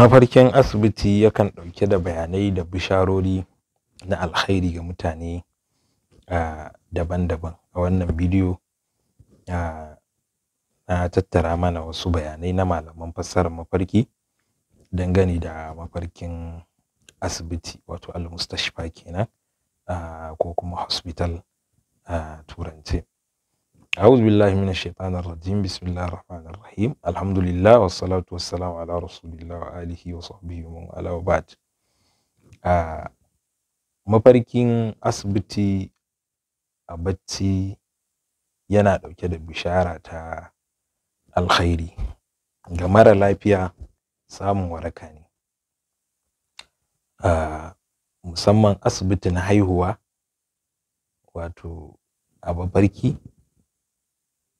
mafarkin asibiti yakan ɗauke da bayanai da bisharori na alkhairi ga mutane daban-daban a wannan bidiyo na tattara mana wasu bayanai na malaman fassarar mafarki dangane da mafarkin asibiti wato al-mustashfa kenan ko kuma hospital a turance أعوذ بالله من الشيطان الرجيم بسم الله الرحمن الرحيم الحمد لله والصلاة والسلام على رسول الله وآله وصحبه ومن على وبعد mafarkin asibiti a bacci yana ɗauke da bishara ta alkhairi ga mara lafiya samun waraka ne musamman asibiti na haihuwa wato a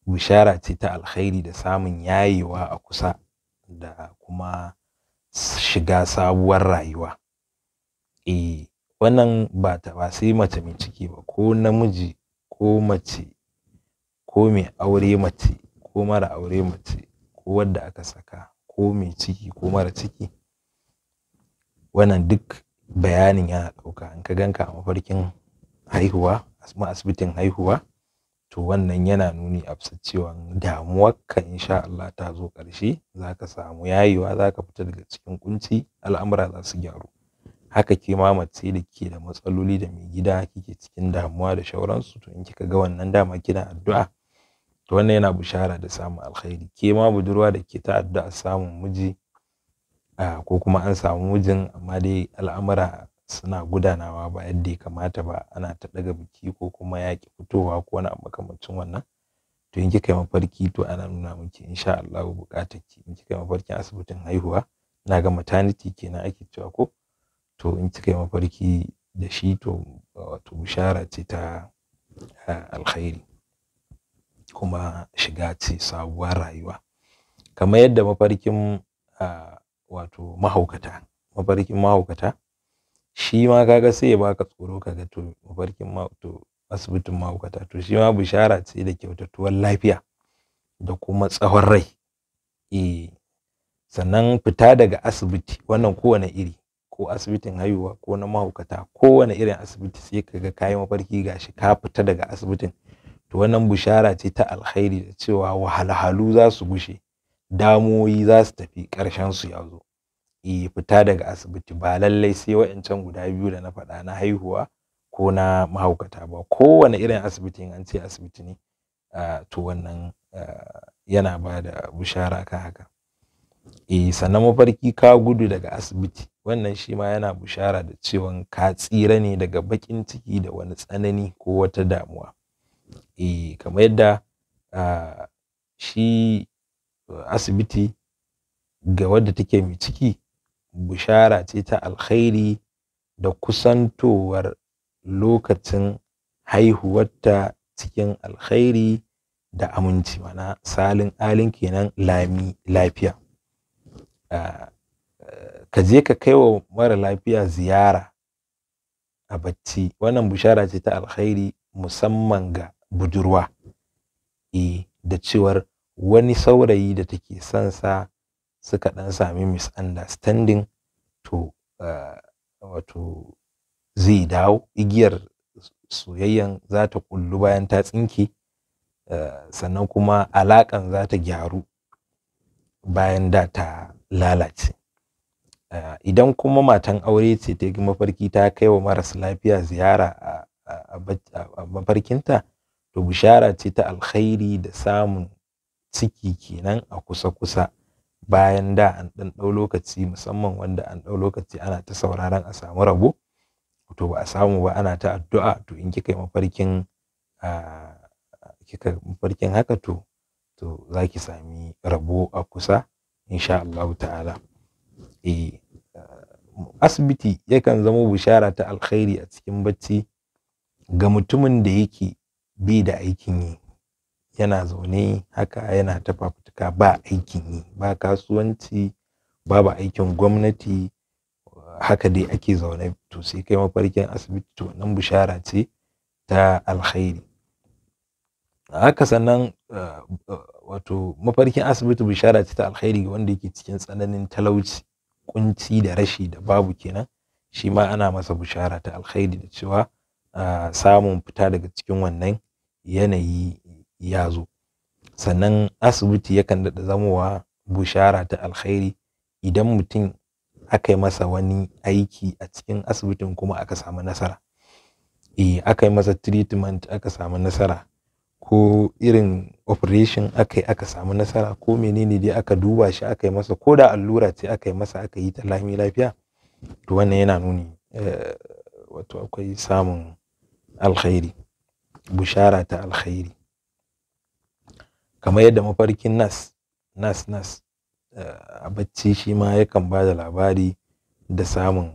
bishara ce ta alkhairi da samun yayewa a kusa da kuma shiga sabuwar rayuwa eh wannan ba ta ba sai mace mai ciki ba ko namiji ko mace ko mai aure mace ko mara aure mace ko wadda aka saka ko mai ciki ko mara ciki wannan duk bayanin yana ɗauka in ka ganka a mafarkin haihuwa asibitin haihuwa to wannan yana nuni a bisa cewa damuwarka insha Allah ta zo ƙarshe za ka samu yayewa za ka fita daga cikin kunci al'amura za su gyaru haka ke ma mace da ke da matsaloli da mai gida kike cikin damuwa da shauransu to in kika ga wannan dama kina addu'a to wannan yana bishara da samun alkhairi ke ma budurwa da ke ta addu'a samun miji ah, ko kuma an samu mijin amma dai al'amura suna gudanawa ba yadda ya kamata ba ana ta ɗaga biki ko kuma ya fitowa ko wani abu makamancin wannan to in kika yi mafarki to ana nuna miki insha Allah buƙatar ki in kika yi mafarkin asibitin haihuwa na ga maternity kenan ake cewa ko to in kika yi mafarki da shi to wato bishara ce ta alkhairi kuma shiga ce sabuwar rayuwa kamar yadda mafarkin wato mahaukata mafarkin mahaukata shi ma kaga sai ya baka tsoro kaga to mafarkin ma to asibitin mahaukata to shi ma bishara ce da kyautatuwar lafiya da kuma tsawon rai eh sannan fita daga asibiti wannan kowane iri ko asibitin haihuwa ko na mahaukata kowane irin asibiti sai kaga kayi mafarki gashi ka fita daga asibitin to wannan bishara ce ta alkhairi da cewa wahalhalu za su gushe damoyi za su tafi ƙarshen su ya zo fita daga asibiti ba lallai sai waɗancan guda biyu da na faɗa na haihuwa ko na mahaukata ba kowane irin asibiti an ce asibiti ne to wannan yana ba da bushara kan haka eh sannan mafarki ka gudu daga asibiti wannan shi ma yana bushara da cewan ka tsira ne daga bakin ciki da wani tsanani ko wata damuwa eh kamar yadda shi asibiti ga wadda take mai ciki bushara ce ta alkhairi da kusantowar lokacin haihuwarta cikin alkhairi da aminci mana salin alin kenan lami lafiya ka je ka kai wa mara lafiya ziyara a bacci wannan bushara ce ta alkhairi musamman ga budurwa e da cewar wani saurayi da take son sa suka ɗan sami misunderstanding to eh, wato zai dawo igiyar soyayyan za ta kullu bayan ta tsinke eh, sannan kuma alaƙan za ta gyaru bayan da ta lalace eh, idan kuma matan aure ce ta yi mafarki ta kai wa maras lafiya ziyara a mafarkinta to bishara ce ta alkhairi da samun ciki kenan a kusa-kusa bayan da an ɗan ɗau lokaci musamman wanda an ɗau lokaci ana ta sauraron a samu rabo to ba a samu ba ana ta addu'a to in kika yi mafarkin kika mafarkin haka to to za ki sami rabo a kusa insha Allah ta'ala eh asibiti yakan zama bishara ta alkhairi a cikin bacci ga mutumin da yake bi da aikin yi yana zaune haka yana ta fafutuka ba aikin yi ba kasuwanci babu aikin gwamnati haka dai ake zaune to sai kai mafarkin asibiti to nan bishara ce ta alkhairi haka sannan eh, wato mafarkin asibiti bishara ce ta alkhairi wanda yake cikin tsananin talauci kunci da rashi da babu kenan shi ma ana masa bishara ta alkhairi da cewa ah, samun fita daga cikin wannan yanayi ya zo sannan asibiti yakan daɗa zamowa bushara ta alkhairi idan mutum aka masa wani aiki a cikin asibitin kuma aka samu nasara eh aka masa treatment aka samu nasara ko irin operation aka yi aka samu nasara ko menene dai aka duba shi aka masa ko da allura ce aka masa aka yi ta lami lafiya to wannan yana nuni eh, wato akwai samun alkhairi bushara ta alkhairi kamar yadda mafarkin nas nas nas eh, a bacci shi ma yakan ba da labari da samun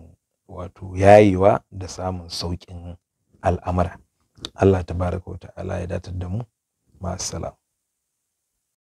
wato yayewa da samun sauƙin al'amara Allah ta baraka wa ta'ala ya datar da mu ma'assalam